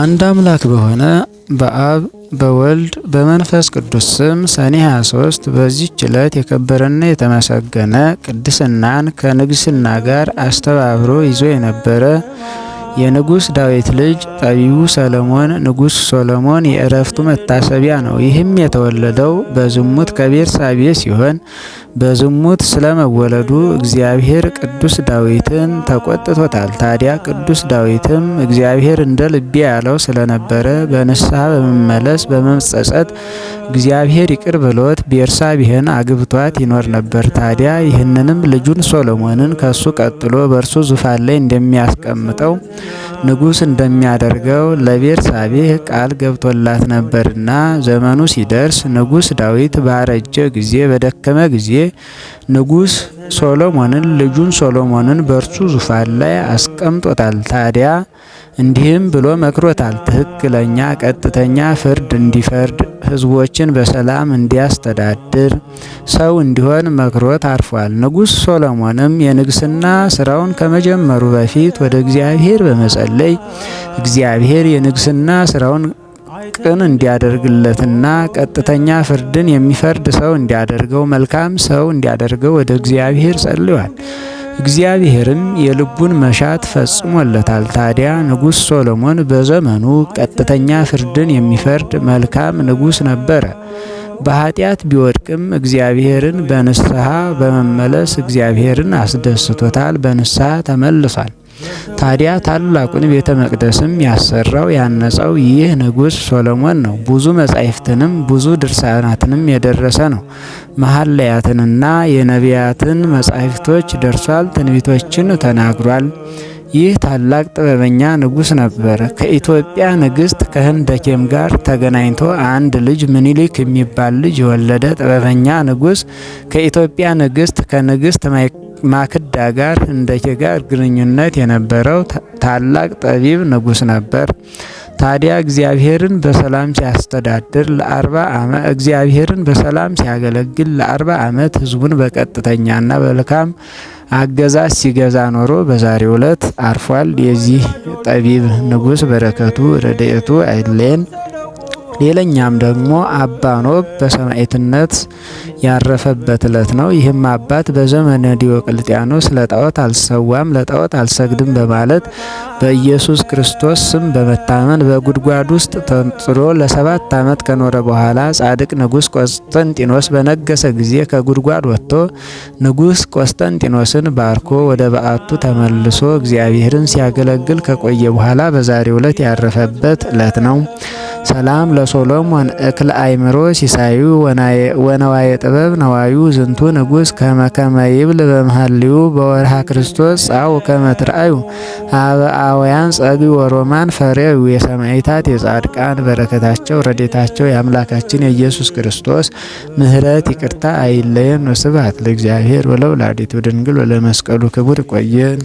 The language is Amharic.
አንድ አምላክ በሆነ በአብ በወልድ በመንፈስ ቅዱስ ስም ሰኔ 23 በዚህች ዕለት የከበረና የተመሰገነ ቅድስናን ከንግስና ጋር አስተባብሮ ይዞ የነበረ የንጉስ ዳዊት ልጅ ጠቢቡ ሰለሞን ንጉስ ሶሎሞን የእረፍቱ መታሰቢያ ነው። ይህም የተወለደው በዝሙት ከቤርሳቤ ሲሆን በዝሙት ስለመወለዱ እግዚአብሔር ቅዱስ ዳዊትን ተቆጥቶታል። ታዲያ ቅዱስ ዳዊትም እግዚአብሔር እንደ ልቤ ያለው ስለነበረ በንስሐ በመመለስ በመጸጸት እግዚአብሔር ይቅር ብሎት ቤርሳቤህን አግብቷት ይኖር ነበር። ታዲያ ይህንንም ልጁን ሶሎሞንን ከሱ ቀጥሎ በእርሱ ዙፋን ላይ እንደሚያስቀምጠው ንጉሥ እንደሚያደርገው ለቤርሳቤህ ቃል ገብቶላት ነበርና ዘመኑ ሲደርስ ንጉሥ ዳዊት ባረጀ ጊዜ በደከመ ጊዜ ንጉሥ ሶሎሞንን ልጁን ሶሎሞንን በእርሱ ዙፋን ላይ አስቀምጦታል። ታዲያ እንዲህም ብሎ መክሮታል። ትክክለኛ ቀጥተኛ ፍርድ እንዲፈርድ፣ ህዝቦችን በሰላም እንዲያስተዳድር ሰው እንዲሆን መክሮት አርፏል። ንጉሥ ሶሎሞንም የንግስና ስራውን ከመጀመሩ በፊት ወደ እግዚአብሔር በመጸለይ እግዚአብሔር የንግስና ስራውን ቅን እንዲያደርግለትና ቀጥተኛ ፍርድን የሚፈርድ ሰው እንዲያደርገው መልካም ሰው እንዲያደርገው ወደ እግዚአብሔር ጸልዮአል። እግዚአብሔርም የልቡን መሻት ፈጽሞለታል። ታዲያ ንጉሥ ሶሎሞን በዘመኑ ቀጥተኛ ፍርድን የሚፈርድ መልካም ንጉሥ ነበረ። በኃጢአት ቢወድቅም እግዚአብሔርን በንስሐ በመመለስ እግዚአብሔርን አስደስቶታል። በንስሐ ተመልሷል። ታዲያ ታላቁን ቤተ መቅደስም ያሰራው ያነጸው ይህ ንጉሥ ሶሎሞን ነው። ብዙ መጻሕፍትንም ብዙ ድርሳናትንም የደረሰ ነው። መሐለያትንና የነቢያትን መጻሕፍቶች ደርሷል። ትንቢቶችን ተናግሯል። ይህ ታላቅ ጥበበኛ ንጉሥ ነበር። ከኢትዮጵያ ንግሥት ከህንደኬም ጋር ተገናኝቶ አንድ ልጅ ምኒልክ የሚባል ልጅ የወለደ ጥበበኛ ንጉሥ ከኢትዮጵያ ንግሥት ከንግሥት ማይ ማክዳ ጋር ህንደኬ ጋር ግንኙነት የነበረው ታላቅ ጠቢብ ንጉስ ነበር። ታዲያ እግዚአብሔርን በሰላም ሲያስተዳድር ለአርባ ዓመት እግዚአብሔርን በሰላም ሲያገለግል ለአርባ ዓመት ህዝቡን በቀጥተኛና በልካም አገዛዝ ሲገዛ ኖሮ በዛሬ ዕለት አርፏል። የዚህ ጠቢብ ንጉስ በረከቱ ረድኤቱ አይለየን። ሌላኛም ደግሞ አባ ኖብ በሰማዕትነት ያረፈበት እለት ነው። ይህም አባት በዘመነ ዲዮቅልጥያኖስ ለጣዖት አልሰዋም፣ ለጣዖት አልሰግድም በማለት በኢየሱስ ክርስቶስ ስም በመታመን በጉድጓድ ውስጥ ተንጥሎ ለሰባት ዓመት ከኖረ በኋላ ጻድቅ ንጉሥ ቆስጠንጢኖስ በነገሰ ጊዜ ከጉድጓድ ወጥቶ ንጉሥ ቆስጠንጢኖስን ባርኮ ወደ በዓቱ ተመልሶ እግዚአብሔርን ሲያገለግል ከቆየ በኋላ በዛሬው ዕለት ያረፈበት እለት ነው። ሰላም ለሶሎሞን እክል አይምሮ ሲሳዩ ወነዋየ ጥበብ ነዋዩ ዝንቱ ንጉስ ከመከመ ይብል በመሃልዩ በወርሃ ክርስቶስ ጻው ከመትርአዩ አበአውያን ጸጊ ወሮማን ፈሬው የሰማይታት የጻድቃን በረከታቸው ረዴታቸው የአምላካችን የኢየሱስ ክርስቶስ ምህረት ይቅርታ አይለየን። ስባት ለእግዚአብሔር ወለወላዲቱ ድንግል ወለመስቀሉ ክቡር። ይቆየን።